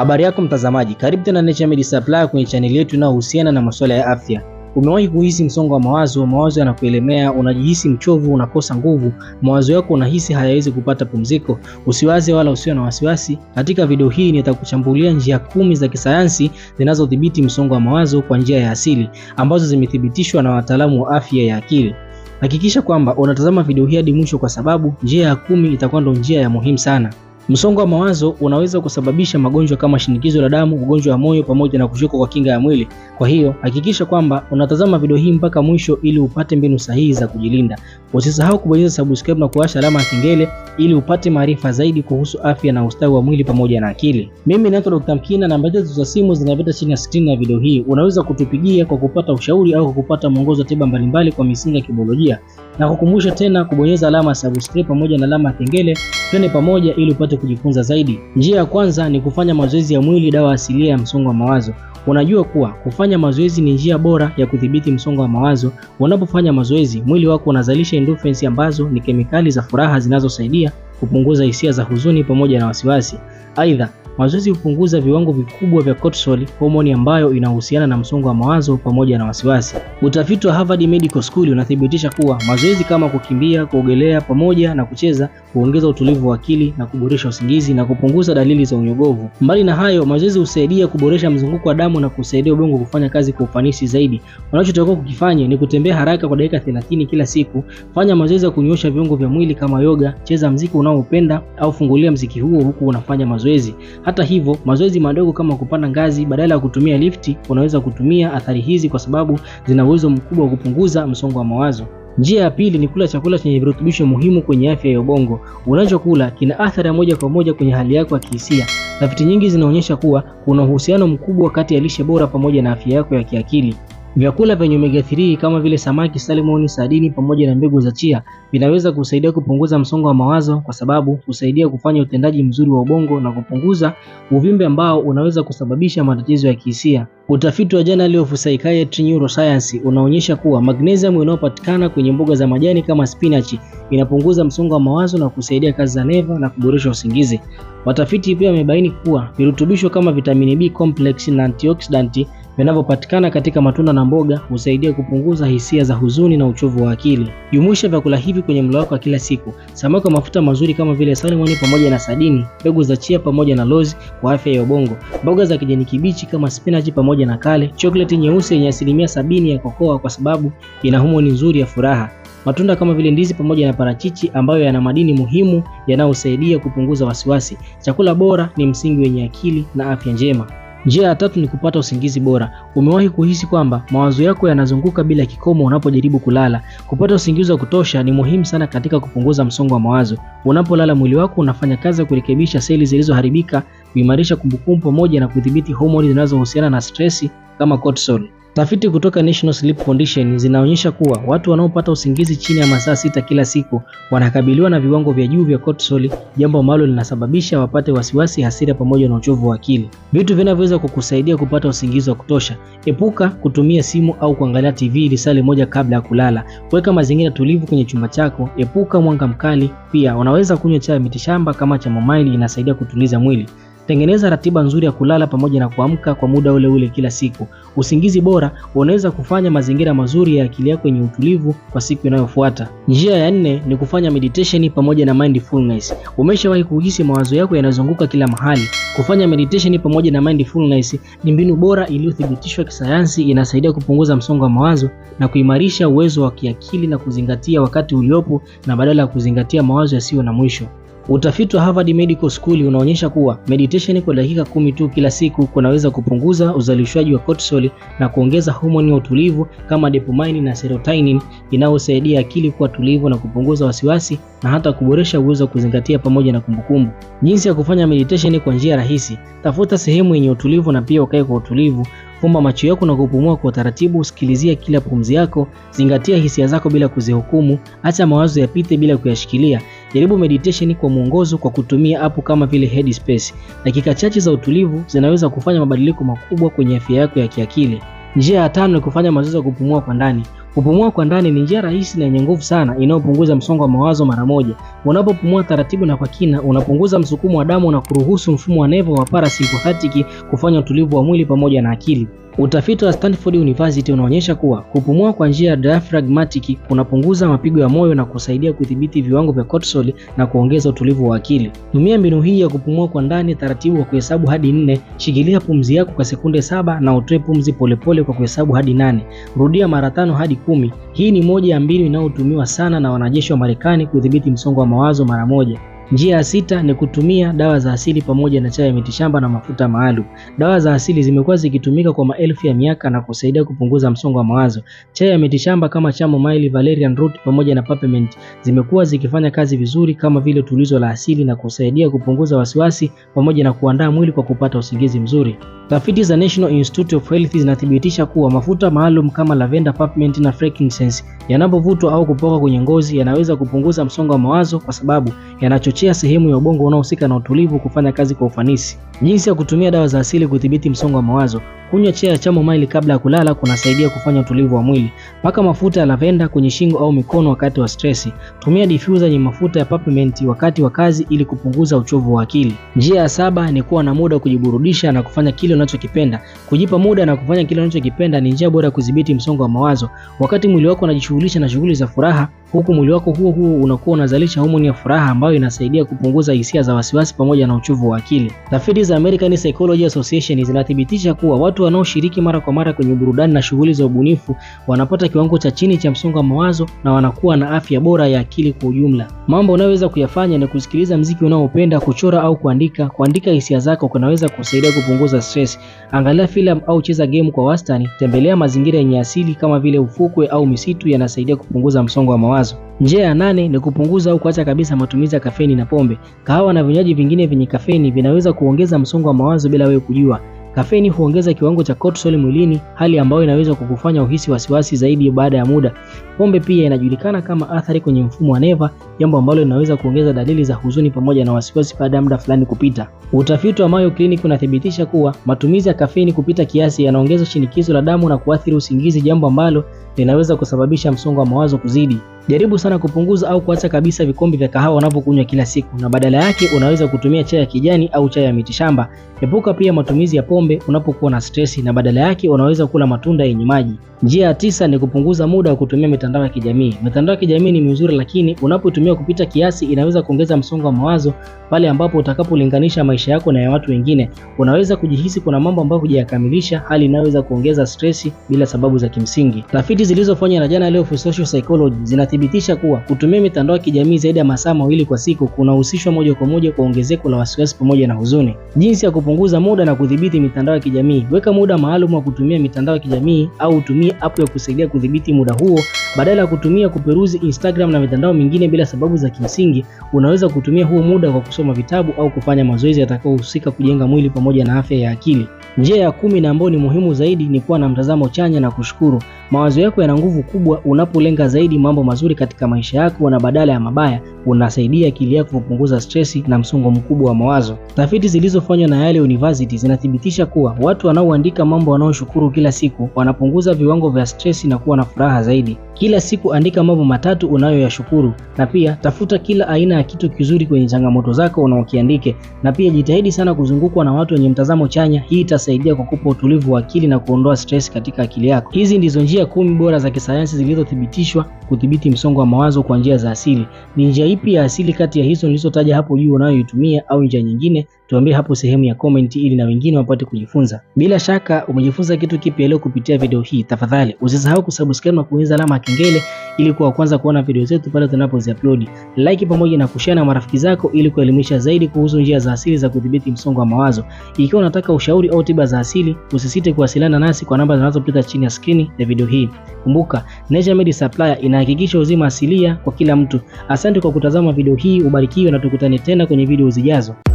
Habari yako mtazamaji, karibu tena Naturemed Supplies kwenye chaneli yetu inayohusiana na, na masuala ya afya. Umewahi kuhisi msongo wa mawazo, mawazo yanakuelemea, unajihisi mchovu, unakosa nguvu, mawazo yako unahisi hayawezi kupata pumziko? Usiwaze wala usiwe na wasiwasi. Katika video hii nitakuchambulia njia kumi za kisayansi zinazodhibiti msongo wa mawazo kwa njia ya asili ambazo zimethibitishwa na wataalamu wa afya ya akili. Hakikisha kwamba unatazama video hii hadi mwisho, kwa sababu njia ya kumi itakuwa ndio njia ya muhimu sana. Msongo wa mawazo unaweza kusababisha magonjwa kama shinikizo la damu, ugonjwa wa moyo pamoja na kushuka kwa kinga ya mwili. Kwa hiyo, hakikisha kwamba unatazama video hii mpaka mwisho ili upate mbinu sahihi za kujilinda. Usisahau kubonyeza subscribe na kuwasha alama ya kengele ili upate maarifa zaidi kuhusu afya na ustawi wa mwili pamoja na akili. Mimi naitwa Dr. Mkina, namba zetu za simu zinapita chini ya skrini ya video hii. Unaweza kutupigia kwa kupata ushauri au kwa kupata mwongozo wa tiba mbalimbali kwa misingi ya kibiolojia na kukumbusha tena kubonyeza alama subscribe pamoja na alama kengele. Twende pamoja ili upate kujifunza zaidi. Njia ya kwanza ni kufanya mazoezi ya mwili, dawa asilia ya msongo wa mawazo. Unajua kuwa kufanya mazoezi ni njia bora ya kudhibiti msongo wa mawazo. Unapofanya mazoezi, mwili wako unazalisha endorphins ambazo ni kemikali za furaha zinazosaidia kupunguza hisia za huzuni pamoja na wasiwasi. Aidha, Mazoezi hupunguza viwango vikubwa vya cortisol, homoni ambayo inahusiana na msongo wa mawazo pamoja na wasiwasi. Utafiti wa Harvard Medical School unathibitisha kuwa mazoezi kama kukimbia, kuogelea pamoja na kucheza huongeza utulivu wa akili na kuboresha usingizi na kupunguza dalili za unyogovu. Mbali na hayo, mazoezi husaidia kuboresha mzunguko wa damu na kusaidia ubongo kufanya kazi kwa ufanisi zaidi. Unachotakiwa kukifanya ni kutembea haraka kwa dakika 30 kila siku, fanya mazoezi ya kunyoosha viungo vya mwili kama yoga, cheza mziki unaoupenda au fungulia mziki huo huku unafanya mazoezi. Hata hivyo, mazoezi madogo kama kupanda ngazi badala ya kutumia lifti, unaweza kutumia athari hizi kwa sababu zina uwezo mkubwa wa kupunguza msongo wa mawazo. Njia ya pili ni kula chakula chenye virutubisho muhimu kwenye afya ya ubongo. Unachokula kina athari ya moja kwa moja kwenye hali yako ya kihisia. Tafiti nyingi zinaonyesha kuwa kuna uhusiano mkubwa kati ya lishe bora pamoja na afya yako ya kiakili. Vyakula vyenye omega 3 kama vile samaki, salmon, sadini pamoja na mbegu za chia vinaweza kusaidia kupunguza msongo wa mawazo kwa sababu husaidia kufanya utendaji mzuri wa ubongo na kupunguza uvimbe ambao unaweza kusababisha matatizo ya kihisia. Utafiti wa Journal of Psychiatry Neuroscience unaonyesha kuwa magnesium inayopatikana kwenye mboga za majani kama spinachi inapunguza msongo wa mawazo na kusaidia kazi za neva na kuboresha usingizi. Watafiti pia wamebaini kuwa virutubisho kama vitamini B complex na antioxidant vinavyopatikana katika matunda na mboga husaidia kupunguza hisia za huzuni na uchovu wa akili. Jumuisha vyakula hivi kwenye mlo wako wa kila siku. Samaki wa mafuta mazuri kama vile salmon pamoja na sardini, mbegu za chia pamoja na lozi kwa afya ya ubongo, mboga za kijani kibichi kama spinach pamoja na kale, chokoleti nyeusi yenye asilimia sabini ya kokoa kwa sababu ina homoni nzuri ya furaha matunda kama vile ndizi pamoja na parachichi ambayo yana madini muhimu yanayosaidia kupunguza wasiwasi. Chakula bora ni msingi wenye akili na afya njema. Njia ya tatu ni kupata usingizi bora. Umewahi kuhisi kwamba mawazo yako yanazunguka bila kikomo unapojaribu kulala? Kupata usingizi wa kutosha ni muhimu sana katika kupunguza msongo wa mawazo. Unapolala, mwili wako unafanya kazi ya kurekebisha seli zilizoharibika, kuimarisha kumbukumbu, pamoja na kudhibiti homoni zinazohusiana na stresi kama cortisol. Tafiti kutoka National Sleep Foundation zinaonyesha kuwa watu wanaopata usingizi chini ya masaa sita kila siku wanakabiliwa na viwango vya juu vya cortisol, jambo ambalo linasababisha wapate wasiwasi, hasira pamoja na uchovu wa akili. Vitu vinavyoweza kukusaidia kupata usingizi wa kutosha: epuka kutumia simu au kuangalia TV lisali moja kabla ya kulala, weka mazingira tulivu kwenye chumba chako, epuka mwanga mkali. Pia unaweza kunywa chai ya mitishamba kama chamomile, inasaidia kutuliza mwili. Tengeneza ratiba nzuri ya kulala pamoja na kuamka kwa muda ule ule kila siku. Usingizi bora unaweza kufanya mazingira mazuri ya akili yako yenye utulivu kwa siku inayofuata. Njia ya nne ni kufanya meditation pamoja na mindfulness. Umeshawahi kuhisi mawazo yako yanazunguka kila mahali? Kufanya meditation pamoja na mindfulness ni mbinu bora iliyothibitishwa kisayansi, inasaidia kupunguza msongo wa mawazo na kuimarisha uwezo wa kiakili na kuzingatia wakati uliopo na badala ya kuzingatia mawazo yasiyo na mwisho. Utafiti wa Harvard Medical School unaonyesha kuwa meditation kwa dakika kumi tu kila siku kunaweza kupunguza uzalishwaji wa cortisol na kuongeza homoni ya utulivu kama dopamine na serotonin inayosaidia akili kuwa tulivu na kupunguza wasiwasi na hata kuboresha uwezo wa kuzingatia pamoja na kumbukumbu. Jinsi ya kufanya meditation kwa njia rahisi: tafuta sehemu yenye utulivu na pia ukae kwa utulivu. Fumba macho yako na kupumua kwa utaratibu, sikilizia kila pumzi yako, zingatia hisia zako bila kuzihukumu, acha mawazo yapite bila kuyashikilia. Jaribu meditation kwa mwongozo kwa kutumia app kama vile Headspace. Dakika chache za utulivu zinaweza kufanya mabadiliko makubwa kwenye afya yako ya kiakili. Njia ya tano ni kufanya mazoezi ya kupumua kwa ndani. Kupumua kwa ndani ni njia rahisi na yenye nguvu sana inayopunguza msongo wa mawazo mara moja. Unapopumua taratibu na kwa kina, unapunguza msukumo wa damu na kuruhusu mfumo wa nevo wa parasympathetic kufanya utulivu wa mwili pamoja na akili. Utafiti wa Stanford University unaonyesha kuwa kupumua kwa njia ya diaphragmatic kunapunguza mapigo ya moyo na kusaidia kudhibiti viwango vya cortisol na kuongeza utulivu wa akili. Tumia mbinu hii ya kupumua kwa ndani taratibu kwa kuhesabu hadi nne. Shikilia pumzi yako kwa sekunde saba na utoe pumzi polepole kwa kuhesabu hadi nane. Rudia mara tano hadi kumi. Hii ni moja ya mbinu inayotumiwa sana na wanajeshi wa Marekani kudhibiti msongo wa mawazo mara moja. Njia ya sita ni kutumia dawa za asili pamoja na chai ya mitishamba na mafuta maalum. Dawa za asili zimekuwa zikitumika kwa maelfu ya miaka na kusaidia kupunguza msongo wa mawazo. Chai ya mitishamba kama chamomile, valerian root pamoja na peppermint zimekuwa zikifanya kazi vizuri kama vile tulizo la asili na kusaidia kupunguza wasiwasi pamoja na kuandaa mwili kwa kupata usingizi mzuri. Tafiti za National Institute of Health zinathibitisha kuwa mafuta maalum kama lavender peppermint na frankincense yanapovutwa au kupoka kwenye ngozi yanaweza kupunguza msongo wa mawazo kwa sababu yanachochea sehemu ya ubongo unaohusika na utulivu kufanya kazi kwa ufanisi. Jinsi ya kutumia dawa za asili kudhibiti msongo wa mawazo. Kunywa chai ya chamomile kabla ya kulala kunasaidia kufanya utulivu wa mwili. Paka mafuta ya lavenda kwenye shingo au mikono wakati wa stresi. Tumia diffuser yenye mafuta ya peppermint wakati wa kazi ili kupunguza uchovu wa akili. Njia ya saba ni kuwa na muda wa kujiburudisha na kufanya kile unachokipenda. Kujipa muda na kufanya kile unachokipenda ni njia bora ya kudhibiti msongo wa mawazo. Wakati mwili wako unajishughulisha na shughuli za furaha, huku mwili wako huo huo unakuwa unazalisha homoni ya furaha ambayo inasaidia kupunguza hisia za wasiwasi pamoja na uchovu wa akili. Tafiti za American Psychology Association zinathibitisha kuwa watu watu wanaoshiriki mara kwa mara kwenye burudani na shughuli za ubunifu wanapata kiwango cha chini cha msongo wa mawazo na wanakuwa na afya bora ya akili kwa ujumla. Mambo unayoweza kuyafanya ni kusikiliza mziki unaopenda, kuchora au kuandika. Kuandika hisia zako kunaweza kusaidia kupunguza stress. Angalia filamu au cheza game kwa wastani. Tembelea mazingira yenye asili kama vile ufukwe au misitu, yanasaidia kupunguza msongo wa mawazo. Njia ya nane ni kupunguza au kuacha kabisa matumizi ya kafeni na pombe. Kahawa na vinywaji vingine vyenye kafeni vinaweza kuongeza msongo wa mawazo bila wewe kujua. Kafeini huongeza kiwango cha cortisol mwilini, hali ambayo inaweza kukufanya uhisi wasiwasi zaidi baada ya muda. Pombe pia inajulikana kama athari kwenye mfumo wa neva, jambo ambalo linaweza kuongeza dalili za huzuni pamoja na wasiwasi baada ya muda fulani kupita. Utafiti wa Mayo Clinic unathibitisha kuwa matumizi ya kafeini kupita kiasi yanaongeza shinikizo la damu na kuathiri usingizi, jambo ambalo linaweza kusababisha msongo wa mawazo kuzidi. Jaribu sana kupunguza au kuacha kabisa vikombe vya kahawa unavyokunywa kila siku, na badala yake unaweza kutumia chai ya kijani au chai ya mitishamba. Epuka pia matumizi ya pombe unapokuwa na stresi, na badala yake unaweza kula matunda yenye maji. Njia ya tisa ni kupunguza muda wa kutumia mitandao ya kijamii. Mitandao ya kijamii ni mizuri, lakini unapotumia kupita kiasi inaweza kuongeza msongo wa mawazo pale ambapo utakapolinganisha maisha yako na ya watu wengine. Unaweza kujihisi kuna mambo ambayo hujayakamilisha, hali inayoweza kuongeza stresi bila sababu za kimsingi. Tafiti zilizofanywa na Journal of Social Psychology zinathibitisha kuwa kutumia mitandao ya kijamii zaidi ya masaa mawili kwa siku kunahusishwa moja kwa moja kwa ongezeko la wasiwasi pamoja na huzuni. Jinsi ya kupunguza muda na kudhibiti mitandao ya kijamii: weka muda maalum wa kutumia mitandao ya kijamii au kutumia app ya kusaidia kudhibiti muda huo. Badala ya kutumia kuperuzi Instagram na mitandao mingine bila sababu za kimsingi, unaweza kutumia huo muda kwa kusoma vitabu au kufanya mazoezi yatakayohusika kujenga mwili pamoja na afya ya akili. Njia ya kumi na ambayo ni muhimu zaidi ni kuwa na mtazamo chanya na kushukuru. Mawazo yako yana nguvu kubwa unapolenga zaidi mambo mazuri katika maisha yako na badala ya mabaya, unasaidia akili yako kupunguza stresi na msongo mkubwa wa mawazo. Tafiti zilizofanywa na Yale University zinathibitisha kuwa watu wanaoandika mambo wanaoshukuru kila siku wanapunguza viwango viwango vya stress na kuwa na furaha zaidi. Kila siku andika mambo matatu unayoyashukuru, na pia tafuta kila aina ya kitu kizuri kwenye changamoto zako na ukiandike, na pia jitahidi sana kuzungukwa na watu wenye mtazamo chanya. Hii itasaidia kukupa utulivu wa akili na kuondoa stress katika akili yako. Hizi ndizo njia kumi bora za kisayansi zilizothibitishwa kudhibiti msongo wa mawazo kwa njia za asili. Ni njia ipi ya asili kati ya hizo nilizotaja hapo juu unayoitumia au njia nyingine? tuambie hapo sehemu ya comment ili na wengine wapate kujifunza. Bila shaka umejifunza kitu kipya leo kupitia video hii. Tafadhali usisahau kusubscribe na kuingiza alama ya kengele ili kuwa kwanza kuona video zetu pale tunapoziupload. Like pamoja na kushare na marafiki zako ili kuelimisha zaidi kuhusu njia za asili za kudhibiti msongo wa mawazo. Ikiwa unataka ushauri au tiba za asili, usisite kuwasiliana nasi kwa namba zinazopita chini ya skrini ya video hii. Kumbuka, Naturemed Supplier inahakikisha uzima asilia kwa kila mtu. Asante kwa kutazama video hii, ubarikiwe na tukutane tena kwenye video zijazo.